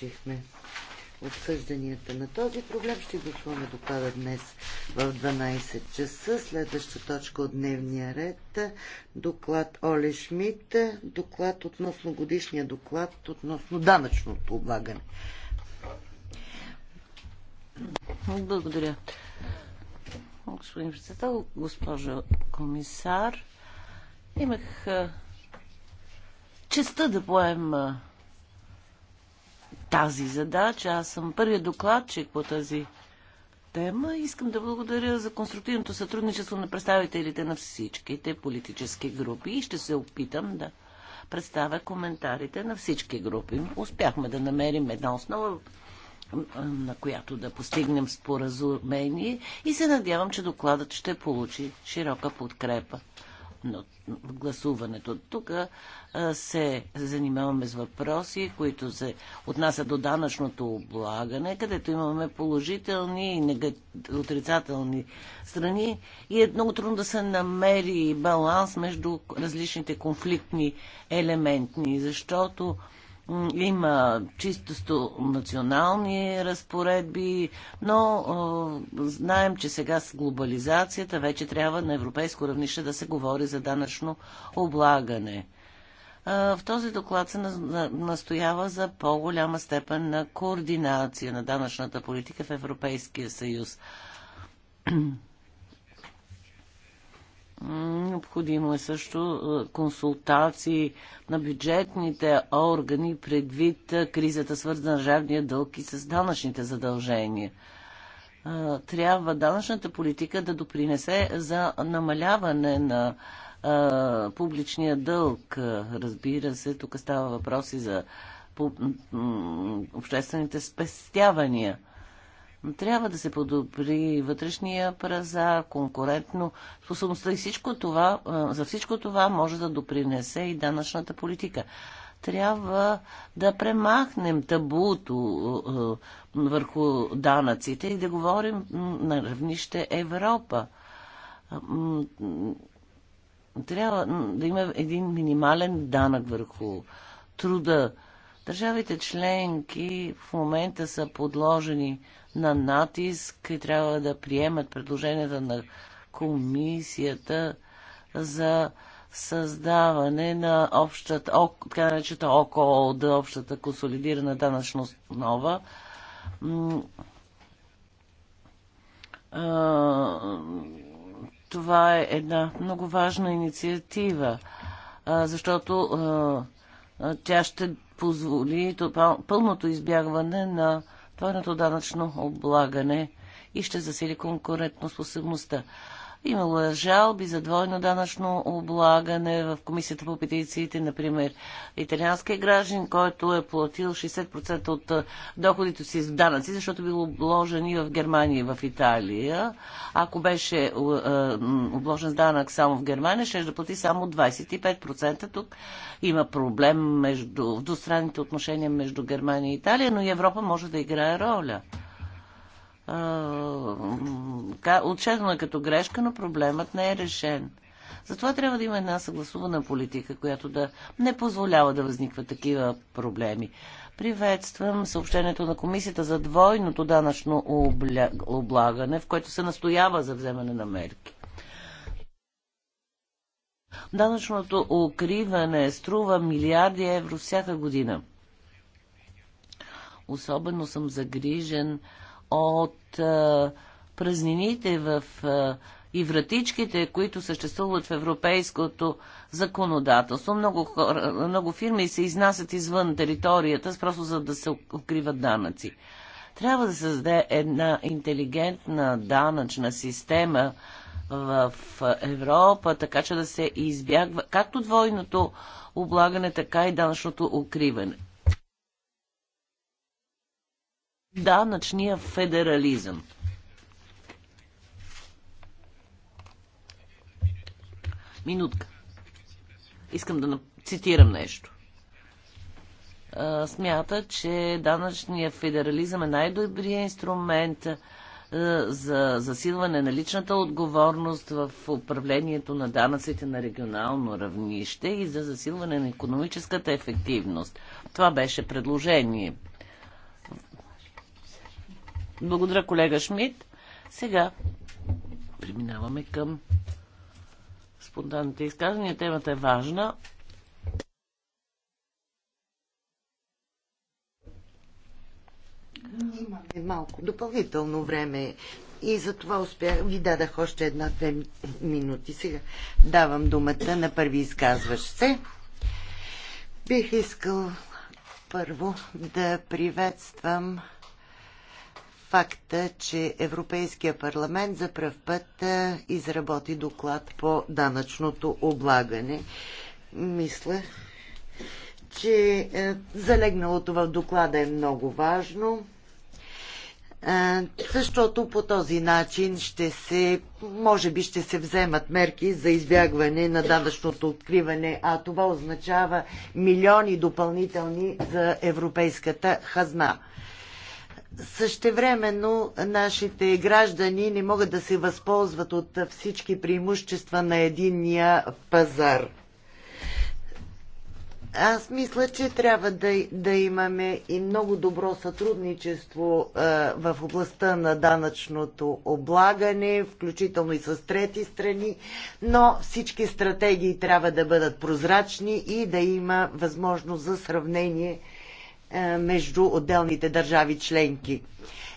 приключихме обсъжданията на този проблем. Ще гласуваме доклада днес в 12 часа. Следваща точка от дневния ред доклад Оле Шмидт, доклад относно годишния доклад относно данъчното облагане. Благодаря. Господин председател, госпожо комисар, имах честа да поема тази задача. Аз съм първият докладчик по тази тема. Искам да благодаря за конструктивното сътрудничество на представителите на всичките политически групи и ще се опитам да представя коментарите на всички групи. Успяхме да намерим една основа, на която да постигнем споразумение и се надявам, че докладът ще получи широка подкрепа гласуването. Тук се занимаваме с въпроси, които се отнасят до данъчното облагане, където имаме положителни и отрицателни страни и е много трудно да се намери баланс между различните конфликтни елементни, защото има чисто национални разпоредби, но а, знаем, че сега с глобализацията вече трябва на европейско равнище да се говори за данъчно облагане. В този доклад се настоява за по-голяма степен на координация на данъчната политика в Европейския съюз. Необходимо е също е, консултации на бюджетните органи предвид е, кризата с държавния дълг и с данъчните задължения. Е, трябва данъчната политика да допринесе за намаляване на публичния дълг. Разбира се, тук става въпроси за обществените спестявания – трябва да се подобри вътрешния пазар, конкурентно способността и всичко това, за всичко това може да допринесе и данъчната политика. Трябва да премахнем табуто върху данъците и да говорим на равнище Европа. Трябва да има един минимален данък върху труда. Държавите членки в момента са подложени на натиск и трябва да приемат предложенията на комисията за създаване на общата, така наречета ОКОД, общата консолидирана данъчна основа. Това е една много важна инициатива, защото тя ще позволи пълното избягване на двойното е данъчно облагане и ще засили конкурентоспособността. Имало е жалби за двойно данъчно облагане в комисията по петициите, например, италианския граждан, който е платил 60% от доходите си с данъци, защото бил обложен и в Германия и в Италия. Ако беше обложен с данък само в Германия, ще да плати само 25%. Тук има проблем между, в двустранните отношения между Германия и Италия, но и Европа може да играе роля отчетена като грешка, но проблемът не е решен. Затова трябва да има една съгласувана политика, която да не позволява да възникват такива проблеми. Приветствам съобщението на комисията за двойното данъчно облагане, в което се настоява за вземане на мерки. Данъчното укриване струва милиарди евро всяка година. Особено съм загрижен от а, е, празнините в а, е, и вратичките, които съществуват в европейското законодателство. Много, хора, много фирми се изнасят извън територията, просто за да се укриват данъци. Трябва да създаде една интелигентна данъчна система в Европа, така че да се избягва както двойното облагане, така и данъчното укриване данъчния федерализъм. Минутка. Искам да цитирам нещо. Смята, че данъчният федерализъм е най-добрият инструмент за засилване на личната отговорност в управлението на данъците на регионално равнище и за засилване на економическата ефективност. Това беше предложение благодаря, колега Шмидт. Сега преминаваме към спонтанните изказвания. Темата е важна. Имаме малко допълнително време и за това успях. Ви дадах още една-две минути. Сега давам думата на първи изказващ се. Бих искал първо да приветствам факта, че Европейския парламент за пръв път изработи доклад по данъчното облагане. Мисля, че залегналото в доклада е много важно, защото по този начин ще се, може би ще се вземат мерки за избягване на данъчното откриване, а това означава милиони допълнителни за европейската хазна. Същевременно нашите граждани не могат да се възползват от всички преимущества на единния пазар. Аз мисля, че трябва да, да имаме и много добро сътрудничество в областта на данъчното облагане, включително и с трети страни, но всички стратегии трябва да бъдат прозрачни и да има възможност за сравнение е, между отделните държави членки.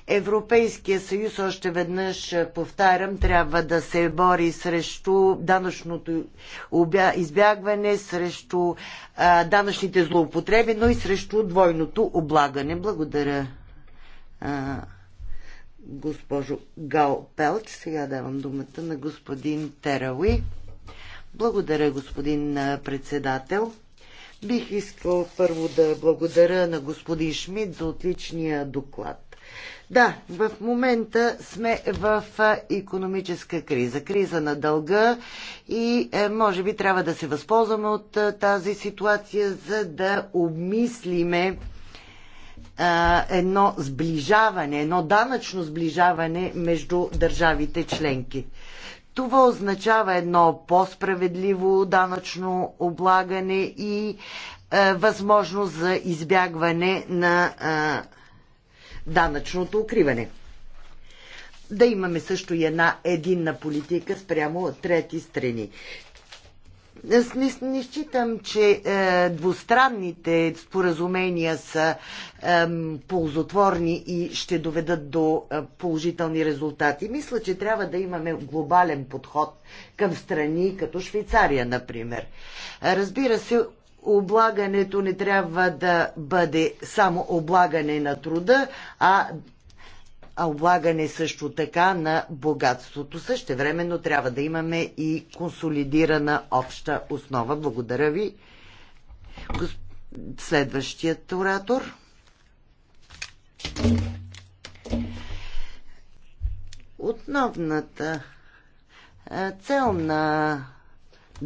Европейския съюз, още веднъж е, повтарям, трябва да се бори срещу данъчното избягване, срещу е, данъчните злоупотреби, но и срещу двойното облагане. Благодаря, госпожо Гал Пелч. Сега давам думата на господин Терауи. Благодаря, господин председател. Бих искал първо да благодаря на господин Шмидт за отличния доклад. Да, в момента сме в економическа криза, криза на дълга и е, може би трябва да се възползваме от тази ситуация, за да обмислиме едно сближаване, едно данъчно сближаване между държавите членки. Това означава едно по-справедливо данъчно облагане и е, възможност за избягване на е, данъчното укриване. Да имаме също и една единна политика спрямо трети страни. Аз не, не считам, че е, двустранните споразумения са е, ползотворни и ще доведат до е, положителни резултати. Мисля, че трябва да имаме глобален подход към страни като Швейцария, например. Разбира се, облагането не трябва да бъде само облагане на труда, а а облагане също така на богатството. Също времено трябва да имаме и консолидирана обща основа. Благодаря ви. Следващият оратор. Основната цел на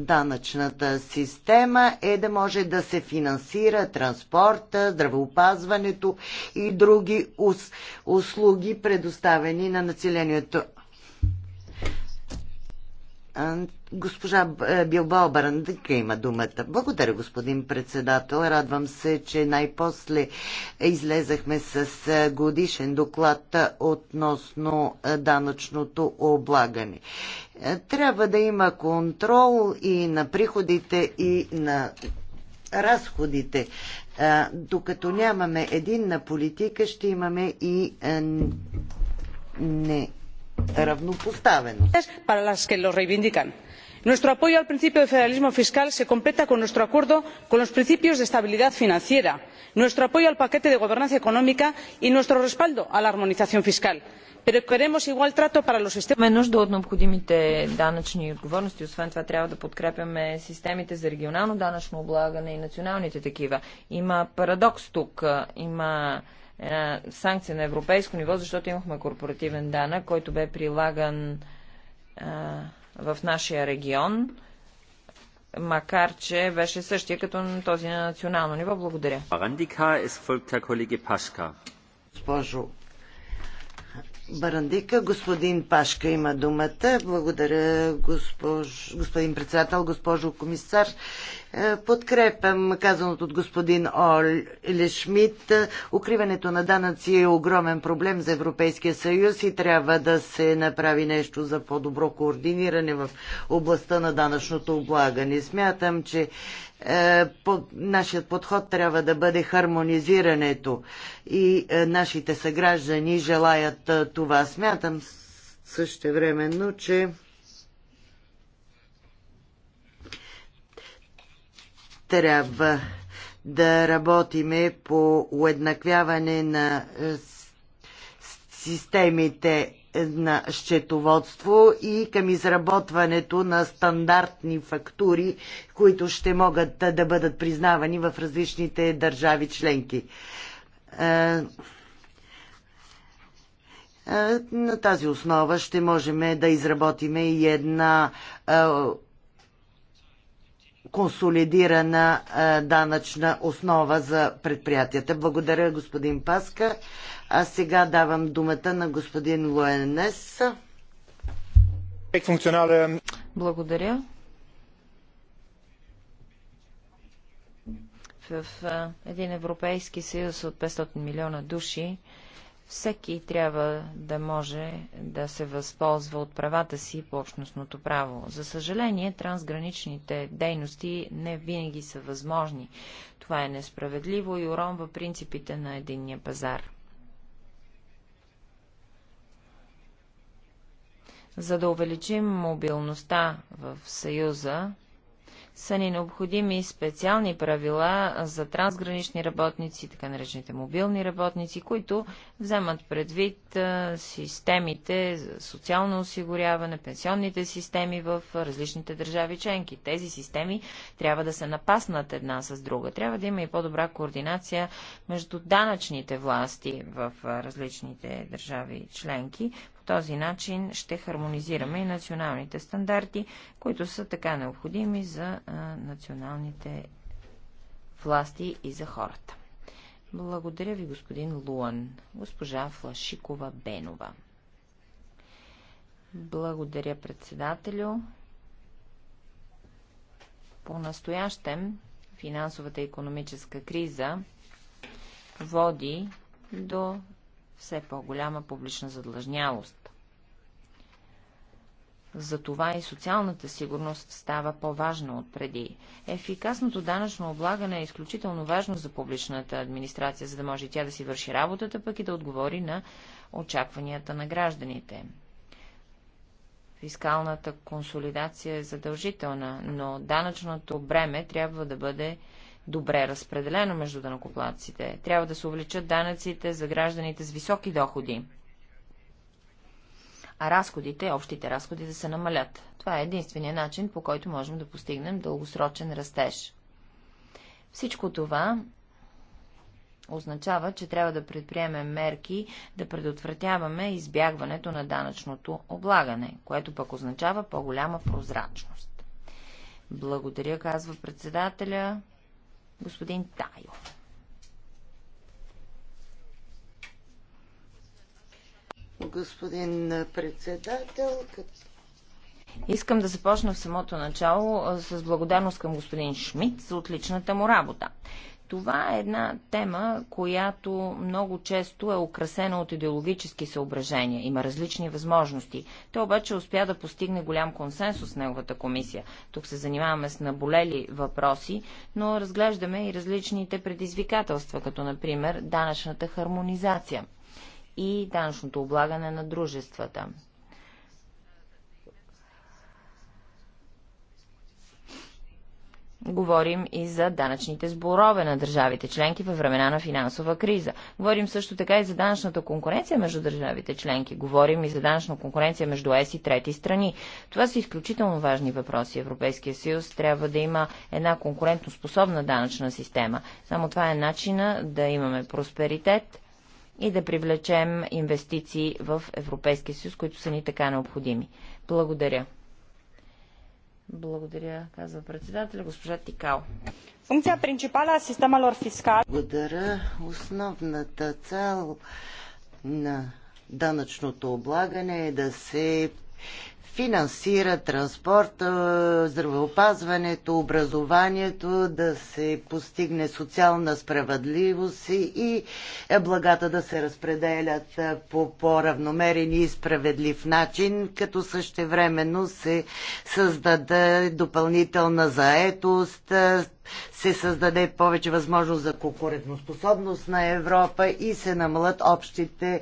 данъчната система е да може да се финансира транспорта, здравеопазването и други услуги, предоставени на населението. Госпожа е, Билбао Барандика има думата. Благодаря, господин председател. Радвам се, че най-после излезахме с е, годишен доклад е, относно данъчното облагане. Трябва да има контрол и на приходите, и на разходите. Докато нямаме единна политика, ще имаме и не равнопоставеност. Para las que lo reivindican. Nuestro apoyo al principio de federalismo fiscal se completa con nuestro acuerdo con los principios de estabilidad financiera, nuestro apoyo al paquete de gobernanza económica y nuestro respaldo a la armonización fiscal. Pero queremos igual trato para los sistemas. Освен това трябва да подкрепяме системите за регионално данъчно облагане и националните такива. Има парадокс тук. Има една санкция на европейско ниво, защото имахме корпоративен данък, който бе прилаган а, е, в нашия регион, макар че беше същия като на този на национално ниво. Благодаря. Госпожо Барандика. Господин Пашка има думата. Благодаря, госпож... господин председател, госпожо комисар. Е, подкрепям казаното от господин Оле Шмидт. Укриването на данъци е огромен проблем за Европейския съюз и трябва да се направи нещо за по-добро координиране в областта на данъчното облагане. Смятам, че е, по, нашият подход трябва да бъде хармонизирането и е, нашите съграждани желаят е, това. Смятам същевременно, че трябва да работиме по уеднаквяване на е, системите на счетоводство и към изработването на стандартни фактури, които ще могат да бъдат признавани в различните държави членки. Е, е, на тази основа ще можем да изработиме и една консолидирана данъчна основа за предприятията. Благодаря, господин Паска. А сега давам думата на господин Луенес. Благодаря. В един Европейски съюз от 500 милиона души всеки трябва да може да се възползва от правата си по общностното право. За съжаление, трансграничните дейности не винаги са възможни. Това е несправедливо и уронва принципите на единния пазар. За да увеличим мобилността в Съюза, са ни необходими специални правила за трансгранични работници, така наречените мобилни работници, които вземат предвид системите за социално осигуряване, пенсионните системи в различните държави членки. Тези системи трябва да се напаснат една с друга. Трябва да има и по-добра координация между данъчните власти в различните държави членки, този начин ще хармонизираме и националните стандарти, които са така необходими за националните власти и за хората. Благодаря ви, господин Луан. Госпожа Флашикова Бенова. Благодаря, председателю. По-настоящем финансовата и економическа криза води до все по-голяма публична задлъжнялост. Затова и социалната сигурност става по-важна от преди. Ефикасното данъчно облагане е изключително важно за публичната администрация, за да може тя да си върши работата, пък и да отговори на очакванията на гражданите. Фискалната консолидация е задължителна, но данъчното бреме трябва да бъде добре разпределено между данакоплаците. Трябва да се увеличат данъците за гражданите с високи доходи а разходите, общите разходи да се намалят. Това е единствения начин, по който можем да постигнем дългосрочен растеж. Всичко това означава, че трябва да предприемем мерки да предотвратяваме избягването на данъчното облагане, което пък означава по-голяма прозрачност. Благодаря, казва председателя господин Тайо. господин председател. Искам да започна в самото начало с благодарност към господин Шмидт за отличната му работа. Това е една тема, която много често е украсена от идеологически съображения. Има различни възможности. Той обаче успя да постигне голям консенсус с неговата комисия. Тук се занимаваме с наболели въпроси, но разглеждаме и различните предизвикателства, като например данъчната хармонизация – и данъчното облагане на дружествата. Говорим и за данъчните сборове на държавите членки във времена на финансова криза. Говорим също така и за данъчната конкуренция между държавите членки. Говорим и за данъчна конкуренция между ЕС и трети страни. Това са изключително важни въпроси. Европейския съюз трябва да има една конкурентоспособна данъчна система. Само това е начина да имаме просперитет и да привлечем инвестиции в Европейския съюз, които са ни така необходими. Благодаря. Благодаря, казва председателя, госпожа Тикал. Функция принципала е системалор фискал. Благодаря. Основната цел на данъчното облагане е да се финансира транспорта, здравеопазването, образованието, да се постигне социална справедливост и благата да се разпределят по по-равномерен и справедлив начин, като същевременно се създаде допълнителна заетост, се създаде повече възможност за конкурентоспособност на Европа и се намалят общите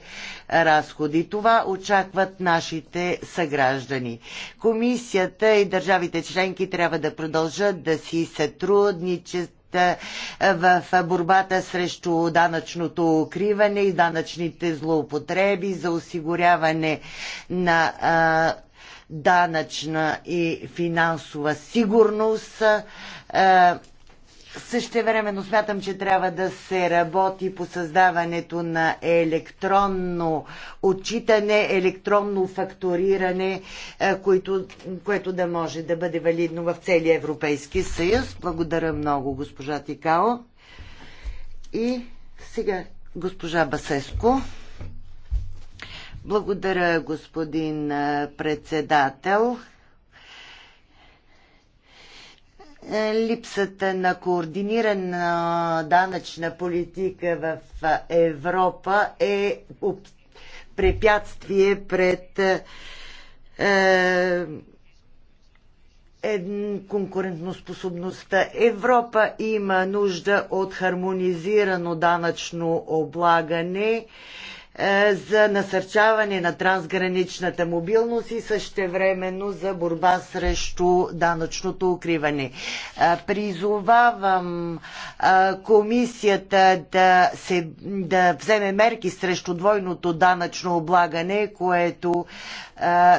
разходи. Това очакват нашите съграждани. Комисията и държавите членки трябва да продължат да си сътрудничат в борбата срещу данъчното укриване и данъчните злоупотреби за осигуряване на а, данъчна и финансова сигурност. А, времено смятам, че трябва да се работи по създаването на електронно отчитане, електронно факториране, е, което, което да може да бъде валидно в целия Европейски съюз. Благодаря много, госпожа Тикао. И сега госпожа Басеско. Благодаря, господин е, председател. Е, липсата на координирана данъчна политика в е, Европа е препятствие пред е, конкурентноспособността. Европа има нужда от хармонизирано данъчно облагане е, за насърчаване на трансграничната мобилност и същевременно за борба срещу данъчното укриване. Е, призовавам е, комисията да, се, да вземе мерки срещу двойното данъчно облагане, което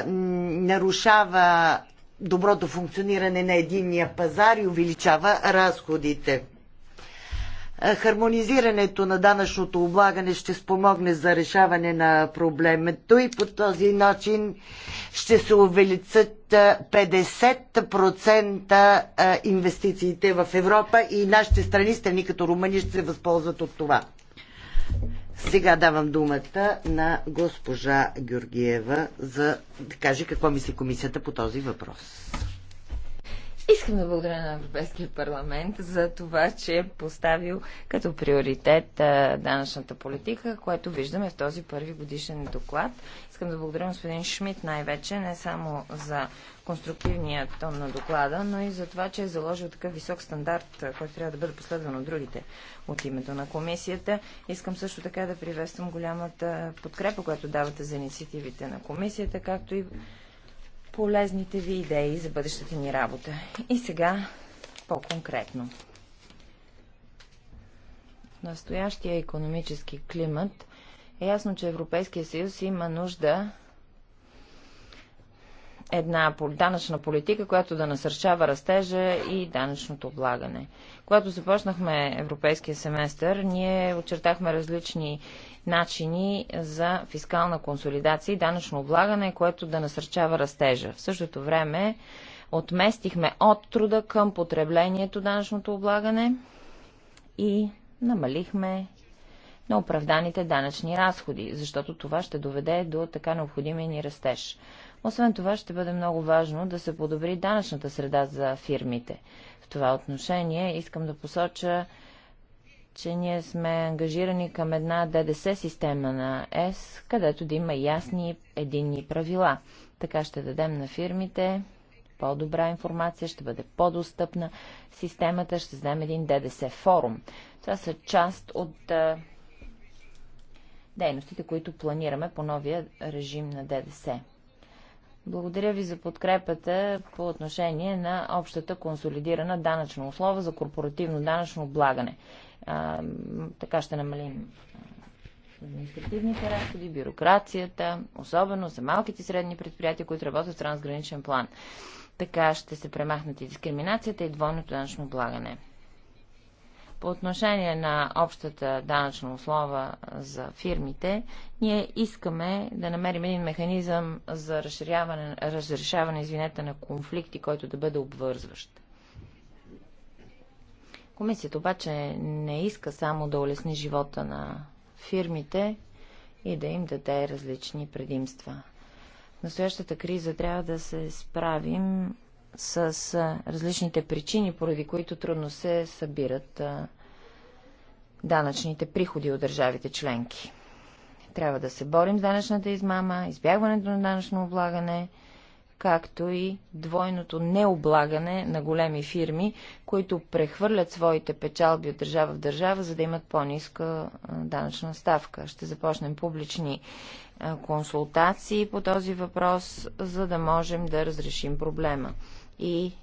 нарушава доброто функциониране на единния пазар и увеличава разходите. Е, хармонизирането на данъчното облагане ще спомогне за решаване на проблемето и по този начин ще се увеличат 50% е, е, инвестициите в Европа и нашите страни, страни като Румъния, ще се възползват от това. Сега давам думата на госпожа Георгиева за да каже какво мисли комисията по този въпрос. Искам да благодаря на Европейския парламент за това, че е поставил като приоритет данъчната политика, което виждаме в този първи годишен доклад. Искам да благодаря господин Шмидт най-вече, не само за конструктивния тон на доклада, но и за това, че е заложил такъв висок стандарт, който трябва да бъде последван от другите от името на комисията. Искам също така да приветствам голямата подкрепа, която давате за инициативите на комисията, както и полезните ви идеи за бъдещата ни работа. И сега по-конкретно. В настоящия економически климат е ясно, че Европейския съюз има нужда една данъчна политика, която да насърчава растежа и данъчното облагане. Когато започнахме европейския семестър, ние очертахме различни начини за фискална консолидация и данъчно облагане, което да насърчава растежа. В същото време отместихме от труда към потреблението данъчното облагане и намалихме на оправданите данъчни разходи, защото това ще доведе до така необходимия ни растеж. Освен това ще бъде много важно да се подобри данъчната среда за фирмите. В това отношение искам да посоча че ние сме ангажирани към една ДДС система на ЕС, където да има ясни единни правила. Така ще дадем на фирмите по-добра информация, ще бъде по-достъпна системата, ще знаем един ДДС форум. Това са част от дейностите, които планираме по новия режим на ДДС. Благодаря ви за подкрепата по отношение на общата консолидирана данъчна услова за корпоративно данъчно облагане. А, така ще намалим административните разходи, бюрокрацията, особено за малките и средни предприятия, които работят в трансграничен план. Така ще се премахнат и дискриминацията и двойното данъчно облагане. По отношение на общата данъчна услова за фирмите, ние искаме да намерим един механизъм за разрешаване, разрешаване извинете, на конфликти, който да бъде обвързващ. Комисията обаче не иска само да улесни живота на фирмите и да им даде различни предимства. В настоящата криза трябва да се справим с различните причини, поради които трудно се събират данъчните приходи от държавите членки. Трябва да се борим с данъчната измама, избягването на данъчно облагане, както и двойното необлагане на големи фирми, които прехвърлят своите печалби от държава в държава, за да имат по-ниска данъчна ставка. Ще започнем публични консултации по този въпрос, за да можем да разрешим проблема. И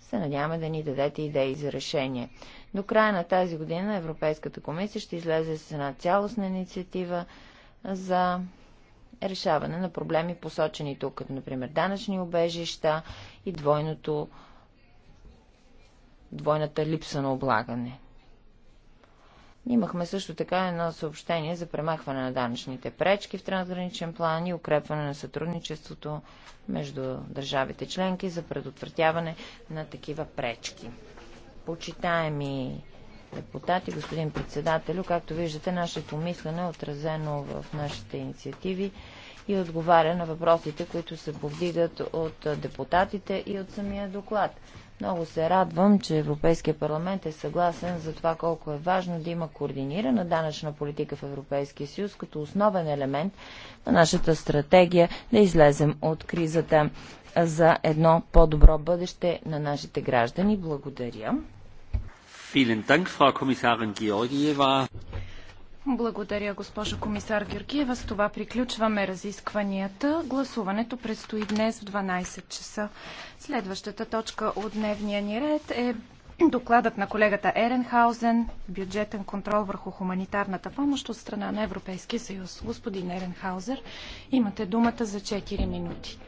се надяваме да ни дадете идеи за решение. До края на тази година Европейската комисия ще излезе с една цялостна инициатива за решаване на проблеми, посочени тук, като например данъчни обежища и двойното, двойната липса на облагане. Имахме също така едно съобщение за премахване на данъчните пречки в трансграничен план и укрепване на сътрудничеството между държавите членки за предотвратяване на такива пречки. Почитаеми депутати, господин председателю. Както виждате, нашето мислене е отразено в нашите инициативи и отговаря на въпросите, които се повдигат от депутатите и от самия доклад. Много се радвам, че Европейския парламент е съгласен за това колко е важно да има координирана данъчна политика в Европейския съюз като основен елемент на нашата стратегия да излезем от кризата за едно по-добро бъдеще на нашите граждани. Благодаря. Благодаря, госпожо комисар Георгиева. С това приключваме разискванията. Гласуването предстои днес в 12 часа. Следващата точка от дневния ни ред е докладът на колегата Еренхаузен бюджетен контрол върху хуманитарната помощ от страна на Европейския съюз. Господин Еренхаузер, имате думата за 4 минути.